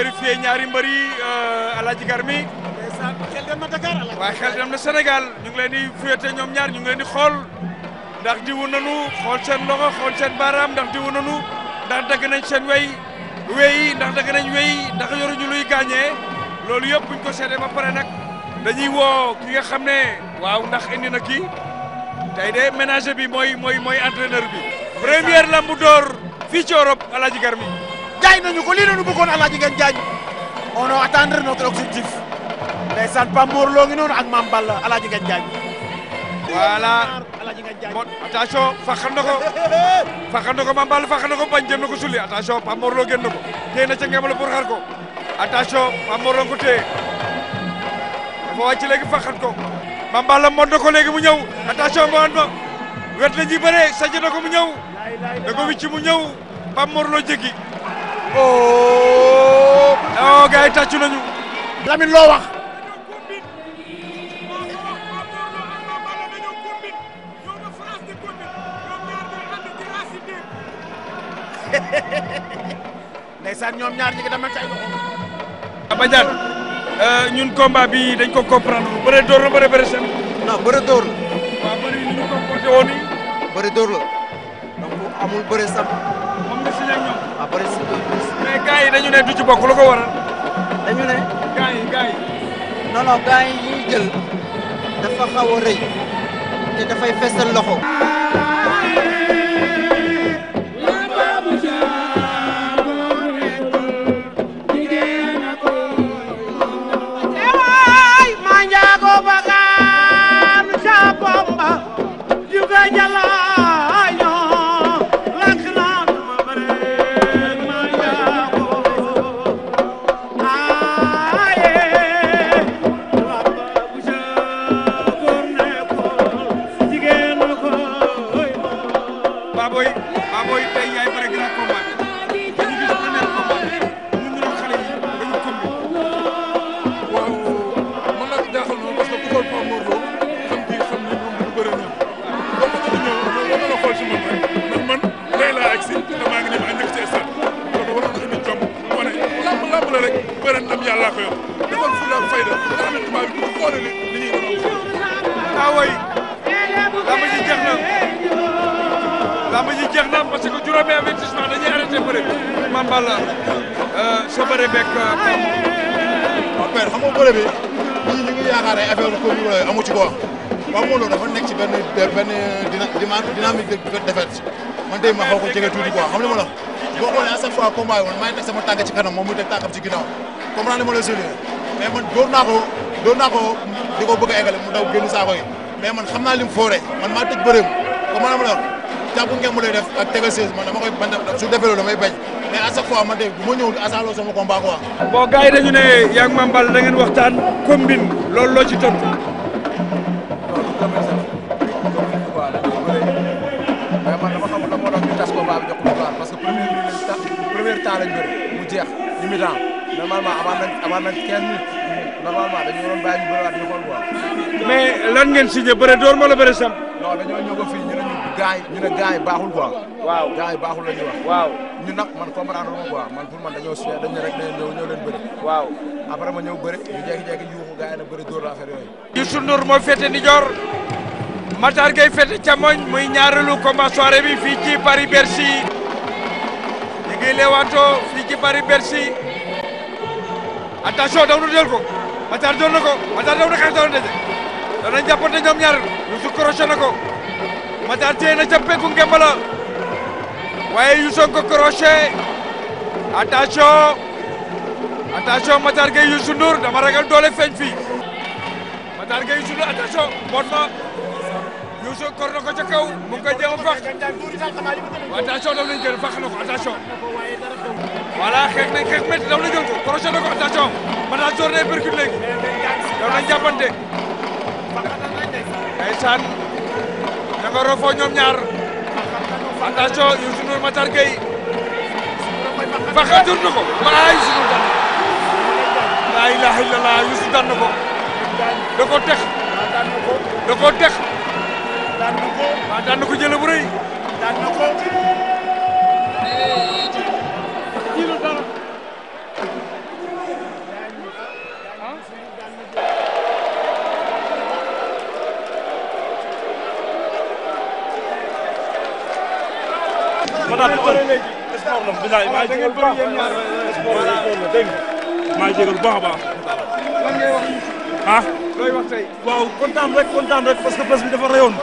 vérifier ñaari mbër yi euh, Alaaji Garmi. xel dem na Dakar waaye xel dem na Sénégal ñu ngi leen di féete ñoom ñaar ñu ngi leen di xool ndax diwu nanu xool seen loxo xool seen baaraam ndax diwu nanu ndax dagg nañ seen wey wey ndax dagg nañ wey ndax yoruñu luy gaañee loolu yëpp buñ ko seetee ba pare nag dañuy woo ki nga xam ne waaw ndax indi na kii tey de ménager bi mooy mooy mooy entraîneur bi première lambu fii ci Europe Alaaji Garmi jaay nañu ko lii la ñu bëggoon Alaaji Ngagne Diagne on a atteindre notre objectif ndeysaan Pape noonu ak Mame Alaaji Ngagne Diagne voilà bon attention ko faxal na ko Mame Balla faxal na ko bañ jëm na ko sulli attention Pape Mor Lo na ko téye xar ko attention Pape Mor Lo ko téye dafa wàcc léegi faxal ko Mame Balla mod na wet la ñuy bëree sajj na ko mu ñëw da ko oh. oh gars yi tàccu nañu. Lamine loo wax. ndeysaan ñoom ñaar ñi ngi demee ca ay loxo. Badiane euh, ñun combat bi dañ ko comprendre bu bëree dóor la bëri bëri seen. non bëri dóor la. waaw bëri ni ñu comporté woon nii. bëri dóor la donc amul bëri sam. ak ñoom. si ah, mais gars yi dañu ne du ci bokk lu ko waral. dañu ne. gars yi gars yi. yi ñuy dafa xaw a rëy te dafay fesal loxo. bëre ndam yàlla ko yor defal fu la fayda nga xam ne tubaab bi bu xoolee li li ñuy def waaw ah waay làmb ji jeex na làmb ji jeex na parce que juróomi avertissement dañuy arrêté bëre bi man Balla euh, sa bëre beeg euh, Pape. waaw père xam nga bëre bi ñii ñu ngi yaakaar ay affaire ko ñu euh, amu ci quoi waaw Modou Lo dafa nekk ci benn benn dynamique de défaite man tey ma xaw ko jege tuuti quoi xam nga ma la boo xoolee à chaque fois combat yi man maa ngi teg sama tànk ci kanam moom muy teg tànkam ci ginnaaw. comprendre ma la sori man dóor naa ko dóor naa ko di ko bëgg a eggale mu daw génn saako yi mais man xam naa lim foore man maa tëj bëreem comprendre ma la jàpp ngeen mu def ak tegal sées man dama koy bañ su defee loolu damay bañ mais ko chaque fois man de bu ma ñëwul asaaloo sama combat quoi. bon gars yi dañu ne yaa ngi Mame Balla da ngeen waxtaan combine loolu loo ci tontu. parce que premier temps lañ bëri mu jeex limitant normalement avant nañ avant nañ 15 minutes normalement dañu waroon bàyyi ñu bëriwaat ñu xool quoi. mais lan ngeen signé bëre door ma la bëre sam. non dañoo ñëw ko fii ñu baaxul quoi. waaw gaay baaxul la ñuy wax. waaw ñu nag man comprendre ma quoi man pour man dañoo signé dañ ne rek dañoo ñëw ñëw leen bëri. waaw ma ñëw bëri ñu jékki-jékki ñu waxu gaay na bëri la affaire yooyu. Youssou Ndour moo féete ni joor Matar Gueye féete càmmoñ muy ñaareelu combat soirée bi fii ci Paris Bercy ñu ngi leewaatoo fii ci Paris Bercy attention daw na jël ko Matar jël na ko Matar daw na xeex daw na dese doon nañ ñoom ñaar Youssou crochet na ko Matar téye na ca peggu ngemb la waaye Youssou ko crochet attention attention Matar Gueye Youssou Ndour dama ragal doole feeñ fii Matar Gueye Youssou Ndour attention mboot ma Youssou kor na ko mu ngi koy jéem a fax attention daf lañ gën na ko attention voilà xeex nañ xeex métti daw na jël ko crochet na ko attention Matar Joor daw nañ jàppante ndeysaan na nga rofoo ñoom ñaar attention Youssou Ndour Matar Gueye faxa dur na ko waay Youssou Ndour daan laa ilaha tex da tex daan na bilaay maa ngi a baax. lan ah? ngay parce que presse bi dafa rayoon.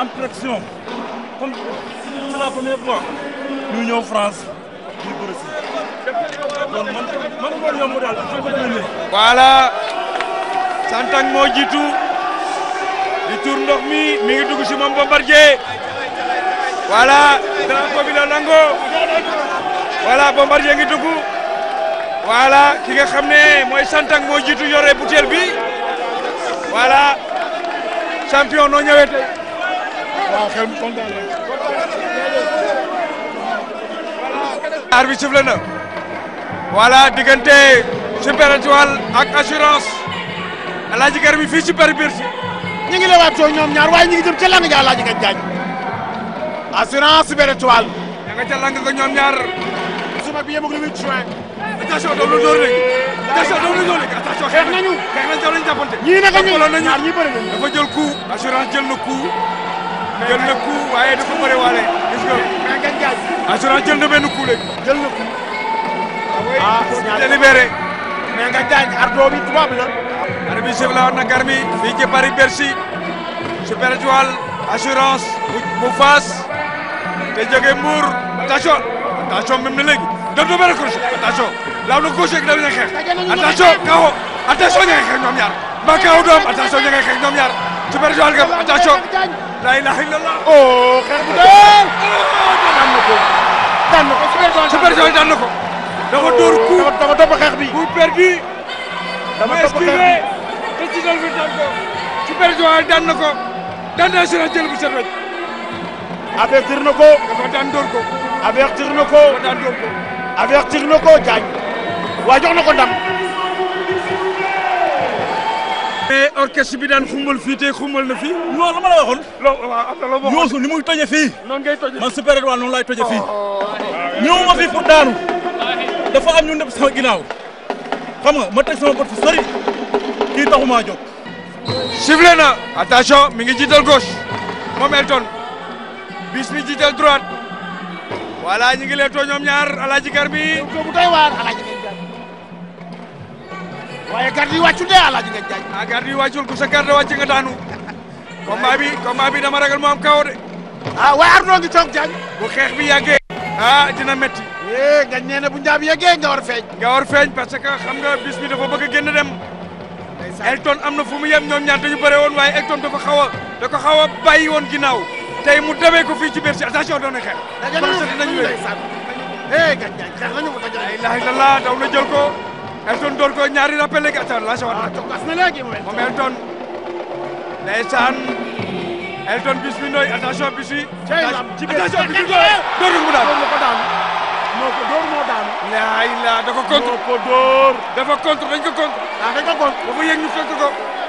am pression. comme c'est la première di tuur mi mi ngi dugg si moom Bombardier. voilà drapeau bi la nangoo. voilà Bombardier ngi dugg voilà ki nga xam ne mooy Santang moo jiitu yore butéel bi voilà champion noo ñëwee tey. waaw xel mu kontaan la. arbitre sifflé na. voilà diggante Super Étoile ak assurance Alaaji Garmi fii ci Père Birti. ñu ngi leewaatoo ñoom ñaar waaye ñu ngi jëm ca lang Jaañ assurance Super Étoile. ña nga ca ñoom ñaar. combat bi yemagul le 8 juin. attention doomu la door léegi. attention doomu la jël coup assurance jël na jël na coup waaye dafa bëri waale. gis nga mais nga jaaj. assurance jël na benn coup léegi. jël na coup. ah, ah c'est libéré. mais nga jaaj ardo bi tubaab la. arbitre bi sëf la war na garmi fii ci Paris Bercy. Super Étoile assurance bu bu Fass te jóge Mbour attention attention même na dootoo bëri crochet attention laaw na crochet gi daw na xeex attention kawo attention ña ngay xeex ñoom ñaar ma kaw doom attention ña ngay xeex ñoom ñaar ci bëri joal gam attention la ilaha illallah oh xeex bu dee daan na ko daan na ko super joal daan na ko dafa dóor coup dafa topp xeex bi coup perdu dafa topp bi te ci bi daan ko super joal daan na ko daan na sira jël bu set wecc avertir na ko dafa daan dóor ko avertir na ko Diagne waa jox na ko ndam. mais bi daan xumbal fii tey xumbal na fii. non la ma la waxoon. loo Youssou ni muy toje fii. noonu man Super Étoile noonu laay toje fii. Oh, oh, oh. ñëw ma fi pour daanu. dafa am ñu nekk sama ginnaaw. xam nga ma teg sama bët fu sori. kii taxumaa jóg. sifflé na attention mi ngi jiital gauche moom Elton bis mi jiital droite. voilà ñu ngi leen too ñoom ñaar alaaji gar bi ko waaye garde yi wàccul de alaaji ngañ jaaj ah yi wàccul ku sa garde wàcc nga daanu combat bi combat bi dama ragal mu am kaw de ah waaye Ardo ngi toog jaaj bu xeex bi yàggee ah dina metti eh ngañ na bu njaab yàggee nga war feeñ nga war feeñ parce xam nga bis bi dafa bëgg a dem Elton am na fu mu yem ñoom ñaar dañu bëre woon waaye Elton dafa xaw a da ko xaw a bàyyi woon ginnaaw tey mu demee ko fii ci biir si attention doon na xeex. kon sëñ nañu wéy eh gàncax xeex nañu ko gàncax. ilaha illallah daw na jël ko Elton door ko ñaari rappel léegi attan laa si waat. waaw toog as na léegi moom Elton moom Elton. bi nooy attention bis bi. ci biir attention bis daan moo ko daan moo ko door moo daan. ilaha illah dafa contre dañ ko contre. ah dañ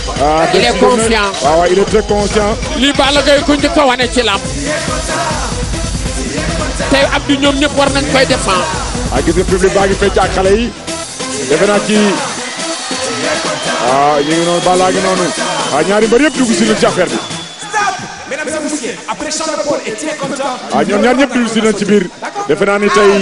ah il est confiant waaw ah waaw il est très a wane ci làmb. tey Abdou ñoom ñëpp war nañ koy def ah. gis nga baa ngi fecc ak xale yi defe ah, ñu ngi noonu Balla ah, ñaari mbër yëpp dugg si nañ ci affaire bi. ñoom ñaar ñëpp dugg si nañ ci biir defe tey.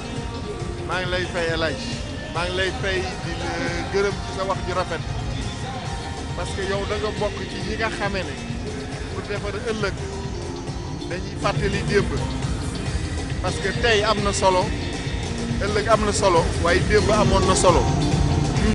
maa ngi lay fay El maa ngi lay fay di la gërëm ci sa wax ju rafet parce que yow da nga bokk ci ñi nga xamee ne pour defar ëllëg dañuy fàttali démb parce que tey am na solo ëllëg am na solo waaye démb amoon na solo.